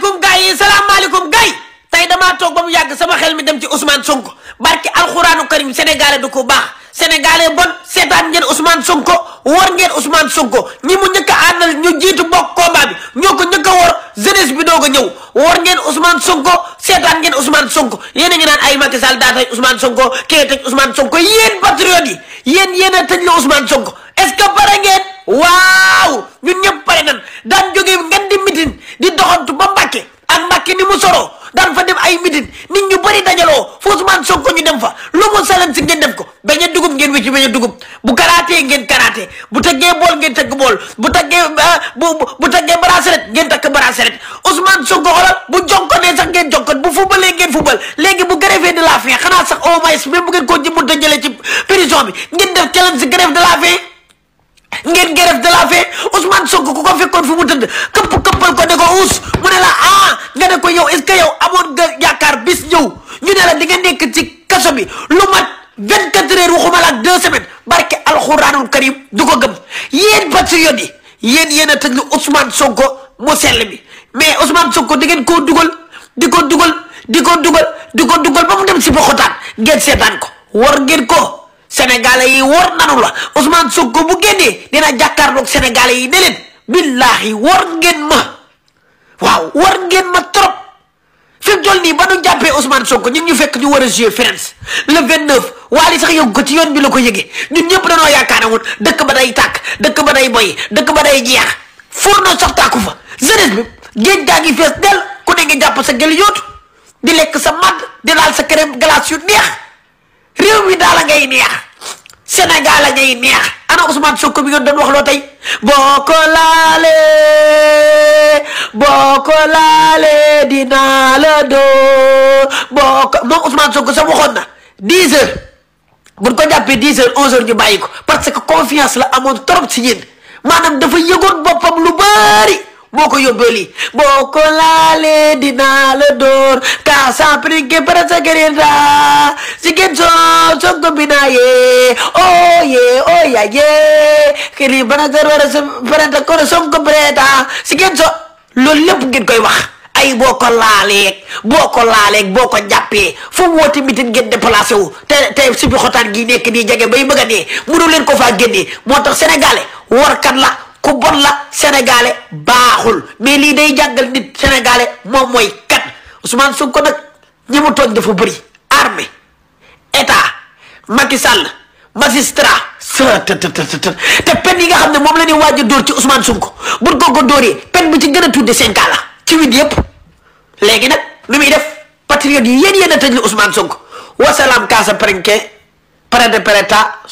salaamaaleykum gars yi salaamaaleykum gars toog ba mu yàgg sama xel mi dem ci Ousmane Sonko barki alxuraanu karim sénégalais du ko baax sénégalais bon seetaan ngeen Ousmane Sonko war ngeen Ousmane Sonko ñi mu njëkk ko àndal ñu jiitu bokk combat bi ñoo ko njëkk a war jeunesse bi doog a ñëw war ngeen Ousmane Sonko seetaan ngeen Ousmane Sonko yéen a ngi naan ay Macky Sall daa tëj Ousmane Sonko kee tëj Ousmane Sonko yéen patriotes yi yéen yéen a tëj la Ousmane Sonko est-ce que pare ngeen waa daan fa dem ay mitin nit ñu bëri dajaloo fo Ousmane ko ñu dem fa lu mu salan si ngeen def ko bañ a dugub ngeen wécci bañ a dugub bu karaatee ngeen karaatee bu teggee bool ngeen tegg bool bu teggee ah, bu bu teggee bracelet ngeen takk bracelet Ousmane Sonko xoolal bu jonkonee sax ngeen jonkon bu fubalee ngeen fubal léegi bu grève de la xanaa sax au moins même bu ngeen ko ji mënta jëlee ci prison bi ngeen def challenge grève de la faim ngeen grève de la faim Ousmane Sonko ku ko fekkoon fi mu tëdd këpp këppal ko ne ko uus mu ne la ah nga ne ko yow est-ce yow amoon nga yaakaar bis ñëw ñu ne la di nga nekk ci kaso bi lu mat vingt quatre heures waxuma la ak deux semaines barke alxuraanul karim du ko gëm yéen patriote yi yéen yéen a tëj lu Ousmane Sonko mu sell bi mais Ousmane Sonko di ngeen koo dugal di ko dugal di ko dugal di ko dugal ba mu dem si boxotaan ngeen seetaan ko war ngeen ko sénégalais yi war nanu la Ousmane Sonko bu génnee dina jàkkaarloog sénégalais yi ne leen billaahi war ngeen ma waaw war ngeen ma trop fi mu nii ba nu jàppee Ousmane Sonko ñun ñu fekk ñu war a jouer France le 29 waali sax yëg ko ci yoon bi la ko yëgee ñun ñëpp dañoo yaakaar woon dëkk ba day tàkk dëkk ba day boy dëkk ba day jeex fourneau sax tàkku fa jeunesse bi géej gaa ngi fees del ku ne ngi jàpp sa gël yóotu di lekk sa màgg di laal sa crème glace yu neex. réew mi daal a ngay neex Sénégal a ngay neex ana Ousmane Sonko bi ngeen doon wax loo tey boo laalee boo ko laalee dinaa la doo boo ko na 10 heures buñ ko jàppee heures 11 heures ñu bàyyi parce que confiance la amoon trop si ñun maanaam dafa yëgoon boppam lu bari boo ko yóbbee lii boo ko laalee dinaa la door kaa saa prinke para sa kerenda si gen soo soo ko binaa yee oo yee oo yaa yee kiri soo ko parenta si gen soo loolu lépp ngeen koy wax ay boo ko laaleeg boo ko laaleeg boo ko jàppee fu mu woote mitin ngeen déplacé wu te te subi xotaan gi nekk nii jege bay bëgg a dee mënu leen ko faa génnee moo tax sénégalais warkat la ku bon la sénégalais baaxul mais lii day jàngal nit sénégalais moom mooy kat Ousmane Sonko nag ñi mu tooñ dafa bëri armée état Macky Sall magistrat sa të të të te pen yi nga xam ne moom la ñuy waaj dóor ci Ousmane Sonko buñ ko ko dóoree pen bi ci gën a tuuti cinq ans la ci wit yépp léegi nag lu muy def patriote yi yéen yéen a tëj li Ousmane Sonko wasalaam kaasa prenke pré de préta